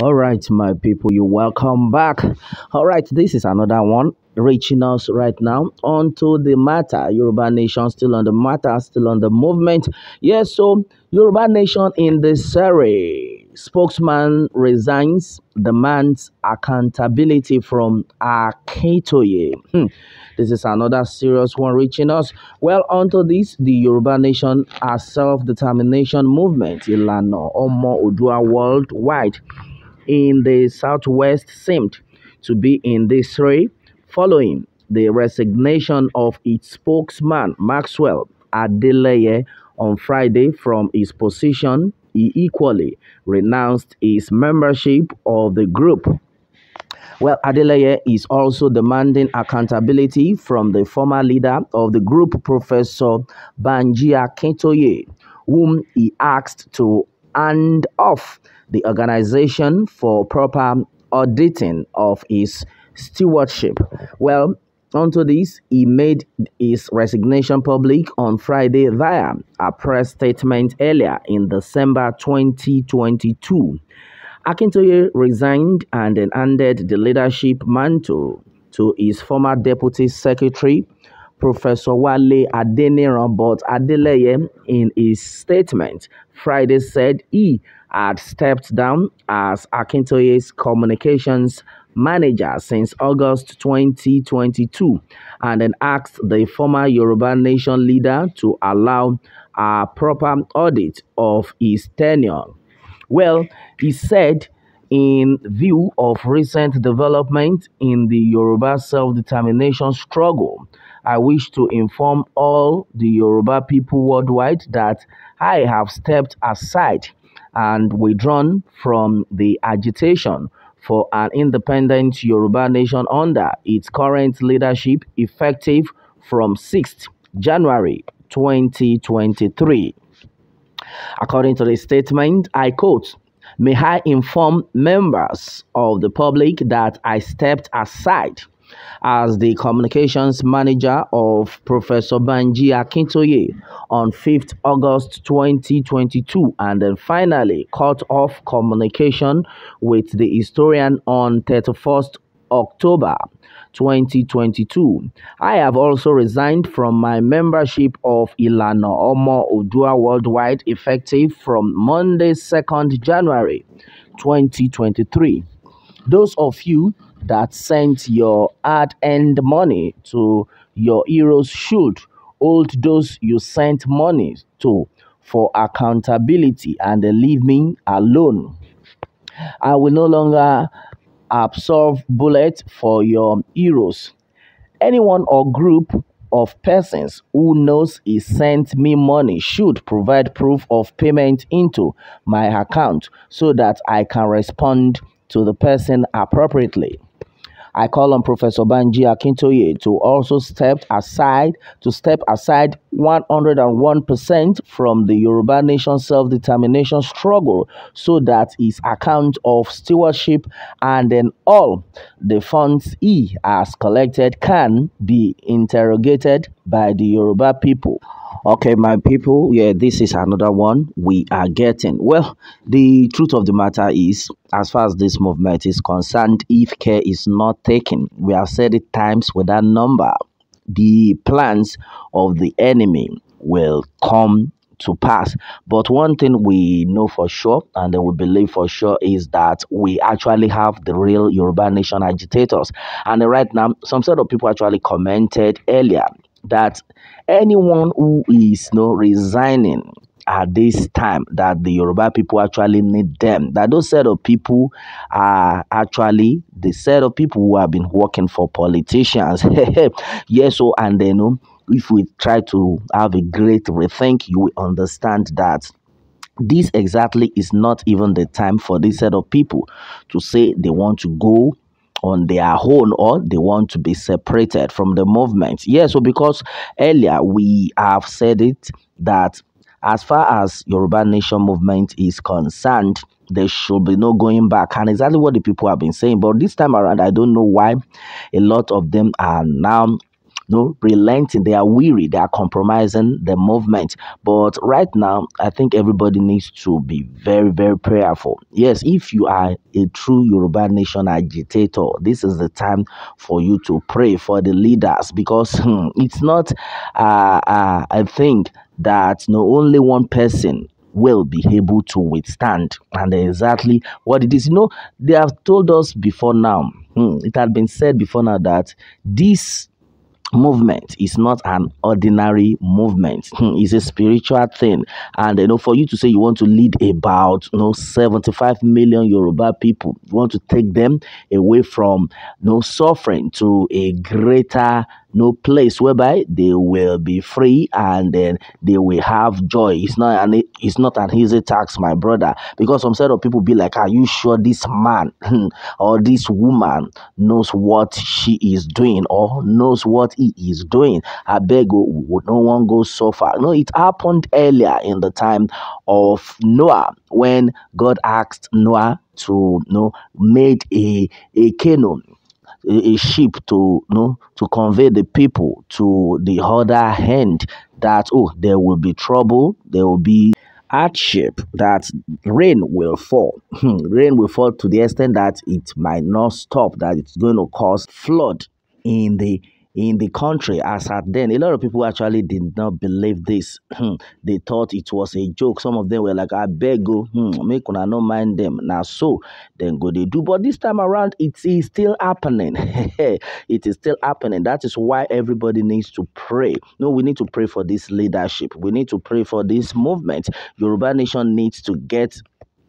all right my people you welcome back all right this is another one reaching us right now onto the matter yoruba nation still on the matter still on the movement yes so yoruba nation in the series. Spokesman resigns, demands accountability from Akitoye. Hmm. This is another serious one reaching us. Well, onto this, the Yoruba Nation are self-determination movement, Ilano Omo Odua worldwide in the southwest seemed to be in disarray following the resignation of its spokesman, Maxwell Adeleye, on Friday from his position he equally renounced his membership of the group. Well, Adeleye is also demanding accountability from the former leader of the group, Professor Banjia Akintoye, whom he asked to hand off the organization for proper auditing of his stewardship. Well, Onto this, he made his resignation public on Friday via a press statement earlier in December 2022. Akintoye resigned and then handed the leadership mantle to his former deputy secretary, Professor Wale Adeniran, but Adeleye, in his statement Friday, said he had stepped down as Akintoye's communications manager since August 2022 and then asked the former Yoruba Nation leader to allow a proper audit of his tenure. Well, he said in view of recent development in the Yoruba self-determination struggle, I wish to inform all the Yoruba people worldwide that I have stepped aside and withdrawn from the agitation for an independent Yoruba nation under its current leadership effective from 6th January 2023. According to the statement, I quote, May I inform members of the public that I stepped aside as the communications manager of Professor Banji Akintoye on 5th August 2022 and then finally cut off communication with the historian on 31st October 2022. I have also resigned from my membership of Ilana Omo Odua Worldwide effective from Monday 2nd January 2023. Those of you that sent your hard earned money to your heroes should hold those you sent money to for accountability and leave me alone. I will no longer absorb bullets for your heroes. Anyone or group of persons who knows he sent me money should provide proof of payment into my account so that I can respond to the person appropriately. I call on Professor Banji Akintoye to also step aside to step aside 101% from the Yoruba nation self-determination struggle so that his account of stewardship and then all the funds he has collected can be interrogated by the Yoruba people okay my people yeah this is another one we are getting well the truth of the matter is as far as this movement is concerned if care is not taken we have said it times with that number the plans of the enemy will come to pass. But one thing we know for sure and we believe for sure is that we actually have the real Yoruba nation agitators. And right now, some sort of people actually commented earlier that anyone who is you know, resigning at this time that the Yoruba people actually need them. That those set of people are actually the set of people who have been working for politicians. yes, so and then if we try to have a great rethink, you will understand that this exactly is not even the time for this set of people to say they want to go on their own or they want to be separated from the movement. Yes, yeah, so because earlier we have said it that as far as Yoruba Nation movement is concerned, there should be no going back. And exactly what the people have been saying. But this time around, I don't know why a lot of them are now no relenting. They are weary. They are compromising the movement. But right now, I think everybody needs to be very, very prayerful. Yes, if you are a true Yoruba nation agitator, this is the time for you to pray for the leaders because hmm, it's not uh, uh, I think that not only one person will be able to withstand and exactly what it is. You know, they have told us before now, hmm, it had been said before now that this movement is not an ordinary movement hmm, it's a spiritual thing and you know for you to say you want to lead about you know 75 million yoruba people you want to take them away from you no know, suffering to a greater no place whereby they will be free and then they will have joy. It's not an it's not an easy task, my brother, because some set of people be like, "Are you sure this man or this woman knows what she is doing or knows what he is doing?" I beg, no one go so far. No, it happened earlier in the time of Noah when God asked Noah to you know made a a canoe a, a ship to you know, to convey the people to the other hand that oh there will be trouble there will be hardship that rain will fall hmm, rain will fall to the extent that it might not stop that it's going to cause flood in the in the country as at then. A lot of people actually did not believe this. they thought it was a joke. Some of them were like, I beg you, oh, hmm, make una no mind them. Now so, then go they do. But this time around, it is still happening. it is still happening. That is why everybody needs to pray. No, we need to pray for this leadership. We need to pray for this movement. Yoruba Nation needs to get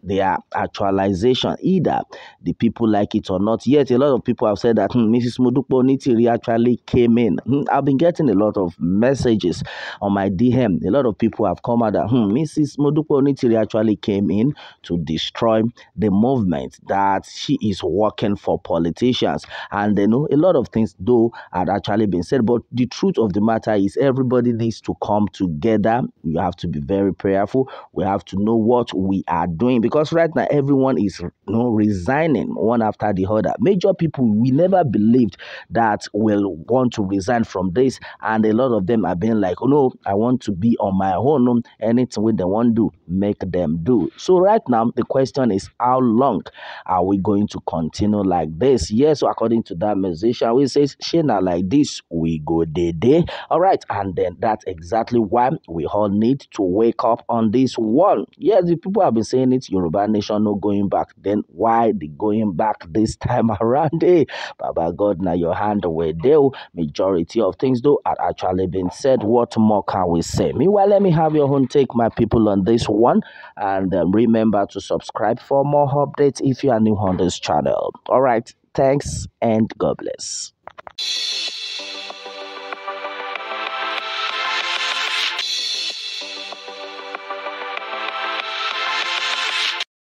their actualization, either the people like it or not. Yet, a lot of people have said that hmm, Mrs. Mudupo Nitiri actually came in. Hmm, I've been getting a lot of messages on my DM. A lot of people have come out that hmm, Mrs. Mudupo Nitiri actually came in to destroy the movement that she is working for politicians. And they you know a lot of things, though, had actually been said. But the truth of the matter is, everybody needs to come together. We have to be very prayerful. We have to know what we are doing because right now everyone is you know, resigning one after the other. Major people we never believed that will want to resign from this, and a lot of them are being like, oh, no, I want to be on my own. Anything with they want to do, make them do. So right now the question is, how long are we going to continue like this? Yes, so according to that musician, we say, "Shina like this, we go day day. All right, and then that's exactly why we all need to wake up on this one. Yes, the people have been saying it. You Yoruba nation no going back. Then why the going back this time around? Eh, Baba God, now your hand away deal. Oh. Majority of things though are actually being said. What more can we say? Meanwhile, let me have your own take, my people, on this one. And um, remember to subscribe for more updates if you are new on this channel. All right. Thanks and God bless.